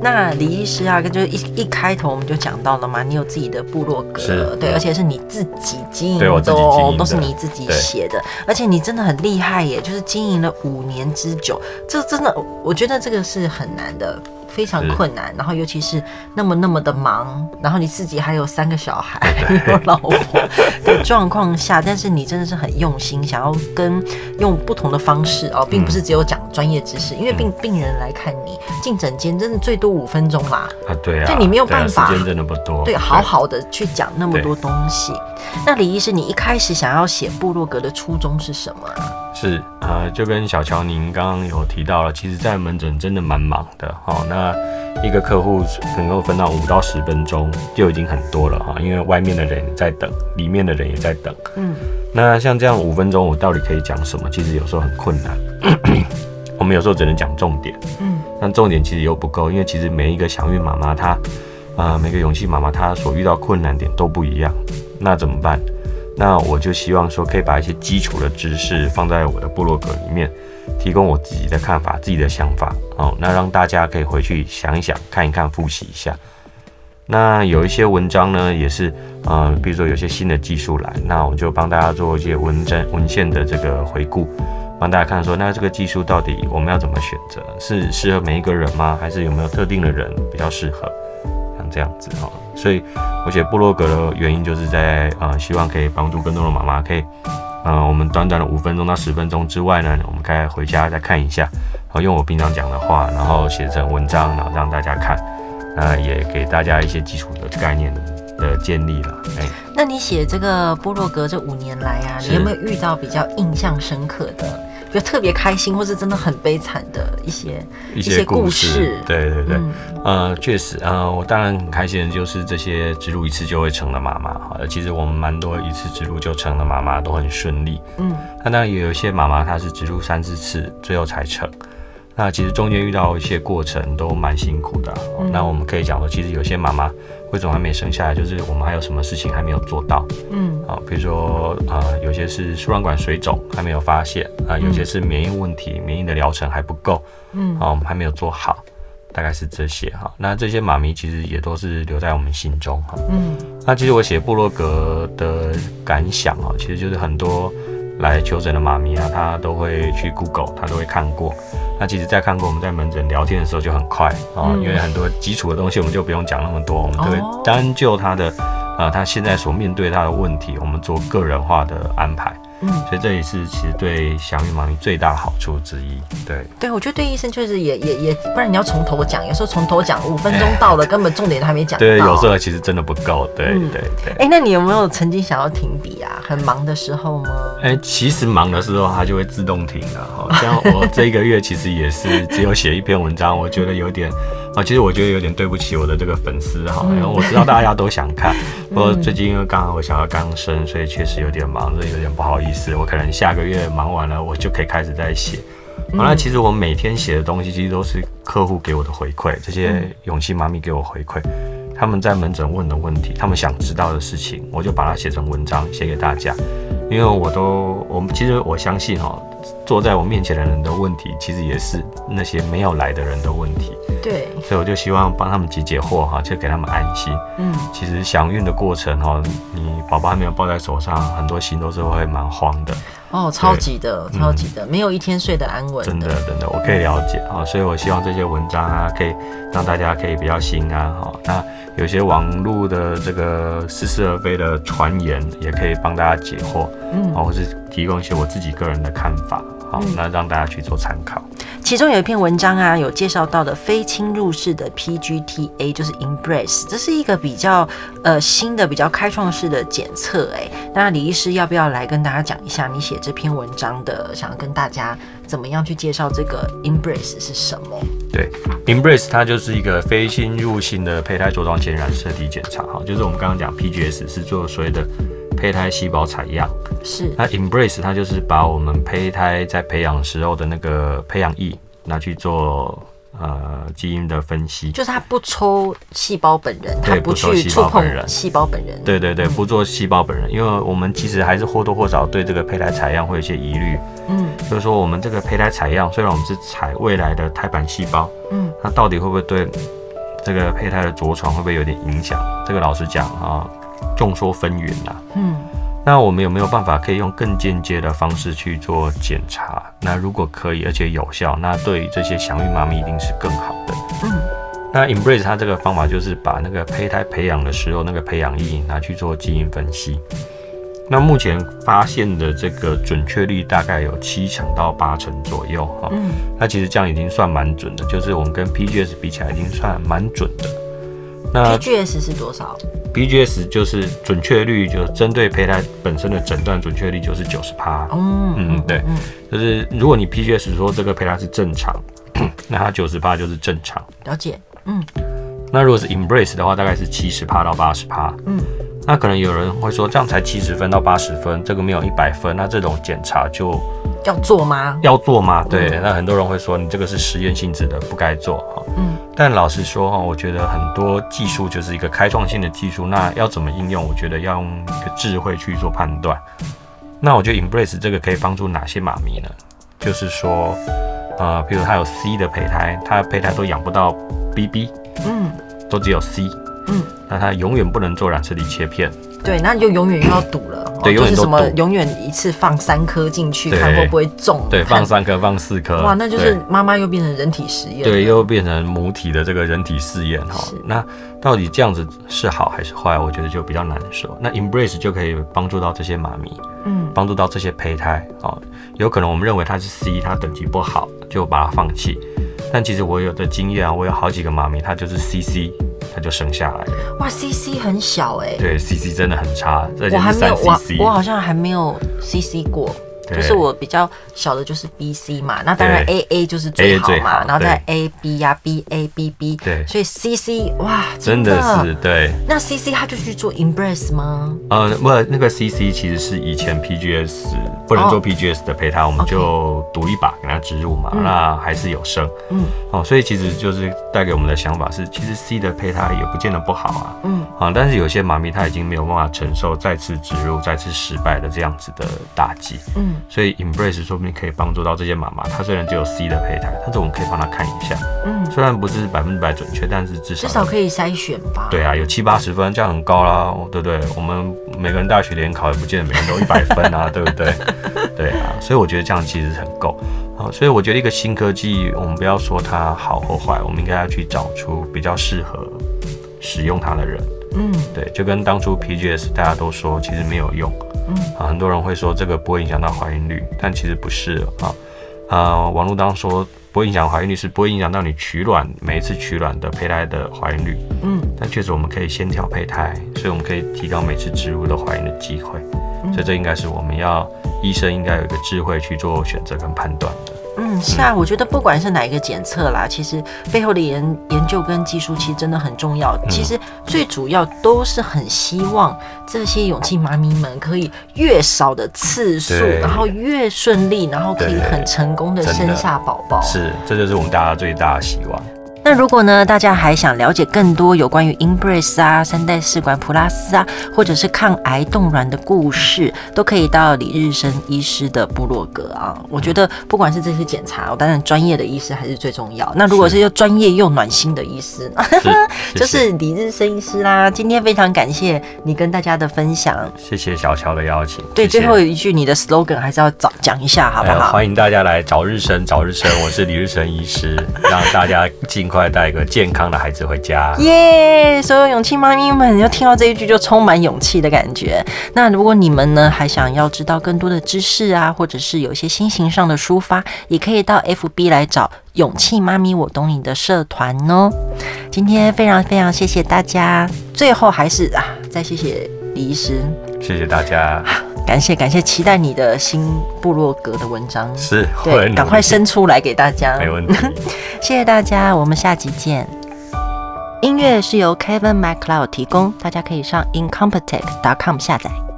那李醫師啊，就一一開頭我們就講到了嘛，你有自己的部落格，對，而且是你自己經營的，對，我自己經營的，都是你自己寫的，而且你真的很厲害耶，就是經營了五年之久，這真的，我覺得這個是很難的。非常困難，然後尤其是那麼那麼的忙，然後你自己還有三個小孩，對對，沒有老婆的 狀況下，但是你真的是很用心，想要跟用不同的方式哦，並不是只有講專業知識，因為病，嗯、病人來看你，進診間真的最多五分鐘啦。啊，對啊。你沒有辦法對、啊、對，好好的去講那麼多東西。對對，那李醫師，你一開始想要寫部落格的初衷是什麼？是，呃，就跟小喬您剛剛有提到了，其實在門診真的蠻忙的，哈、哦，那一個客戶能夠分到五到十分鐘就已經很多了哈、哦，因為外面的人在等，裡面的人也在等，嗯，那像這樣五分鐘，我到底可以講什麼？其實有時候很困難、嗯， 我們有時候只能講重點，嗯，但重點其實又不夠，因為其實每一個想孕媽媽她，啊、呃，每個勇氣媽媽她所遇到困難點都不一樣，那怎麼辦？那我就希望說，可以把一些基礎的知識放在我的部落格裡面，提供我自己的看法、自己的想法，哦，那讓大家可以回去想一想、看一看、複習一下。那有一些文章呢，也是，嗯、呃，比如說有些新的技術來，那我就幫大家做一些文章文獻的這個回顧，幫大家看說，那這個技術到底我們要怎麼選擇？是適合每一個人嗎？還是有沒有特定的人比較適合？像這樣子哈。哦所以，我寫部落格的原因就是在，呃，希望可以幫助更多的媽媽，可以，呃，我們短短的五分鐘到十分鐘之外呢，我們該回家再看一下，然後用我平常講的話，然後寫成文章，然後讓大家看，那、呃、也給大家一些基礎的概念的建立了。哎、欸，那你寫這個部落格這五年來啊，你有沒有遇到比較印象深刻的？就特別開心，或是真的很悲慘的一些一些，一些故事。對對對，嗯、呃，確實，呃，我當然很開心的就是這些植入一次就會成了媽媽哈。其實我們蠻多一次植入就成了媽媽都很順利。嗯，那當然也有一些媽媽，她是植入三四次最後才成，那其實中間遇到一些過程都蠻辛苦的、啊嗯。那我們可以講說，其實有些媽媽。為什麼還沒生下來，就是我們還有什麼事情還沒有做到，嗯，好，比如說啊、呃，有些是輸卵管水腫還沒有發現啊、呃，有些是免疫問題，免疫的療程還不夠，嗯，好、嗯，我們還沒有做好，大概是這些哈。那這些媽咪其實也都是留在我們心中哈。嗯，那其實我寫部落格的感想啊，其實就是很多。來求診的媽咪啊，她都會去 Google，她都會看過。那其實，在看過，我們在門診聊天的時候就很快啊、呃嗯，因為很多基礎的東西，我們就不用講那麼多，我們都會單就她的，啊、哦，她、呃、現在所面對她的、的問題，我們做個人化的安排。嗯、所以這也是其實對小宇忙最大的好處之一，對對，我覺得對醫生就是也也也，不然你要從頭講，有時候從頭講五分鐘到了 根本重點都還沒講，對，有時候其實真的不夠，對、嗯、對。哎、欸，那你有沒有曾經想要停筆啊？很忙的時候嗎？哎、欸，其實忙的時候它就會自動停了，像我這個月其實也是只有寫一篇文章， 我覺得有點。啊，其實我覺得有點對不起我的這個粉絲哈，然後我知道大家都想看，不、嗯、過最近因為剛好我小孩剛生，所以確實有點忙，所以有點不好意思。我可能下個月忙完了，我就可以開始再寫。好，那其實我每天寫的東西，其實都是客戶給我的回饋，這些勇氣媽咪給我回饋，他們在門診問的問題，他們想知道的事情，我就把它寫成文章，寫給大家。因為我都，我們其實我相信哈、喔，坐在我面前的人的問題，其實也是那些沒有來的人的問題。對。所以我就希望幫他們解解惑哈，就給他們安心。嗯。其實祥孕的過程哈、喔，你寶寶還沒有抱在手上，很多心都是會蠻慌的。哦，超級的，超級的、嗯，沒有一天睡得安穩。真的，真的，我可以了解哈，所以我希望這些文章啊，可以讓大家可以比較心安哈那。有些網絡的這個似是而非的傳言，也可以幫大家解惑，嗯，或是提供一些我自己個人的看法。好，那讓大家去做參考，嗯。其中有一篇文章啊，有介紹到的非侵入式的 PGT-A，就是 Embrace，這是一個比較呃新的、比較開創式的檢測。哎，那李醫師要不要來跟大家講一下？你寫這篇文章的，想要跟大家怎麼樣去介紹這個 Embrace 是什麼？對，Embrace 它就是一個非侵入性的胚胎着床前染色體檢查，哈，就是我們剛剛講 PGS 是做所謂的。胚胎細胞採樣是，它 Embrace 它就是把我們胚胎在培養時候的那個培養液拿去做呃基因的分析，就是它不抽細胞、胞本人，它也不去觸碰細胞本人，對對對，嗯，不做細胞本人，因為我們其實還是或多或少對這個胚胎採樣會有一些疑慮，嗯，就是說我們這個胚胎採樣雖然我們是採未來的胎盤細胞，嗯，它到底會不會對這個胚胎的着床會不會有點影響？這個老實講啊。眾說紛紜吶，嗯，那我們有沒有辦法可以用更間接的方式去做檢查？那如果可以而且有效，那對於這些想孕媽咪一定是更好的。嗯，那 Embrace 它這個方法就是把那個胚胎培養的時候那個培養液拿去做基因分析。那目前發現的這個準確率大概有七成到八成左右哈、哦嗯，那其實這樣已經算蠻準的，就是我們跟 PGS 比起來已經算蠻準的。那 PGS 是多少？PGS 就是準確率，就是針對胚胎本身的診斷準確率就是九十趴。嗯嗯，對嗯，就是如果你 PGS 說這個胚胎是正常，嗯、那它九十趴就是正常。了解，嗯。那如果是 Embrace 的話，大概是七十趴到八十趴。嗯。那可能有人會說，這樣才七十分到八十分，這個沒有一百分，那這種檢查就。要做嗎？要做嗎？對，那很多人會說，你這個是實驗性質的，不該做哈。嗯。但老實說哈，我覺得很多技術就是一個開創性的技術，那要怎麼應用？我覺得要用一個智慧去做判斷。嗯。那我覺得 embrace 這個可以幫助哪些媽咪呢？就是說，呃，比如他有 C 的胚胎，他的胚胎都養不到 B B，嗯，都只有 C，嗯，那他永遠不能做染色體切片。對，嗯。那你就永遠又要賭了。嗯對，哦，就是什麼永遠一次放三顆進去，看會不會中？對，放三顆，放四顆。哇，那就是媽媽又變成人體實驗。對，又變成母體的這個人體試驗哈。是。那到底這樣子是好還是壞？我覺得就比較難說。那 Embrace 就可以幫助到這些媽咪，嗯，幫助到這些胚胎啊、哦。有可能我們認為它是 C，它等級不好，就把它放棄。但其實我有的經驗啊，我有好幾個媽咪，她就是 C C。他就生下來了。哇，CC 很小哎、欸。對，CC 真的很差。是我已經三 CC，我好像還沒有 CC 過。就是我比較小的，就是 B C 嘛，那當然 A A 就是最好嘛，然後再 A B 呀，B A B B，對，所以 C C 哇，真的，真的是對。那 C C 他就去做 e m b r a c e 嗎？呃，不，那個 C C 其實是以前 P G S、嗯、不能做 P G S 的胚胎，哦，我們就賭一把給他植入嘛，嗯、那還是有生。嗯，哦、嗯，所以其實就是帶給我們的想法是，其實 C 的胚胎也不見得不好啊。嗯，啊、嗯，但是有些媽咪她已經沒有辦法承受再次植入、再次失敗的這樣子的打擊。嗯。所以 embrace 說不定，可以幫助到這些媽媽，她雖然只有 C 的胚胎，但是我們可以幫她看一下，嗯，雖然不是百分之百準確，但是至少至少可以篩選吧。對啊，有七八十分，這樣很高啦，對不對，對？我們每個人大學聯考也不見得每個人都一百分啊， 對不對？對啊，所以我覺得這樣其實很夠。好，所以我覺得一個新科技，我們不要說它好或壞，我們應該要去找出比較適合使用它的人。嗯，對，就跟當初 PGS 大家都說，其實沒有用。嗯啊，很多人會說這個不會影響到懷孕率，但其實不是啊。啊，網絡當中說不會影響懷孕率，是不會影響到你取卵，每一次取卵的胚胎的懷孕率。嗯，但確實我們可以先挑胚胎，所以我們可以提高每次植入的懷孕的機會。所以這應該是我們要醫生應該有一個智慧去做選擇跟判斷的。嗯，是啊，我覺得不管是哪一個檢測啦，嗯，其實背後的研研究跟技術其實真的很重要，嗯，其實最主要都是很希望這些勇氣媽咪們可以越少的次數，然後越順利，然後可以很成功的生下寶寶。是，這就是我們大家最大的希望。那如果呢，大家還想了解更多有關於 Embrace 啊三代試管普拉斯啊，或者是抗癌凍卵的故事，都可以到李日升醫師的部落格啊。我覺得不管是這些檢查，當然專業的醫師還是最重要。那如果是又專業又暖心的醫師，是是是 就是李日升醫師啦、啊。今天非常感謝你跟大家的分享，謝謝小喬的邀請。對，謝謝，最後一句你的 slogan 還是要講一下，好不好、呃？歡迎大家來找日升、早日生，我是李日升醫師， 讓大家盡快。 快帶一個健康的孩子回家！耶、yeah！所有勇氣媽咪們，要聽到這一句就充滿勇氣的感覺。那如果你們呢，還想要知道更多的知識啊，或者是有一些心情上的抒發，也可以到 FB 來找勇氣媽咪，我懂你的社團哦。今天非常非常謝謝大家，最後還是啊，再謝謝李醫師。謝謝大家。感謝感謝，期待你的新部落格的文章是，對，趕快生出來給大家。沒問題， 謝謝大家，我們下集見。音樂是由 Kevin MacLeod 提供，大家可以上 incompetech.com 下載。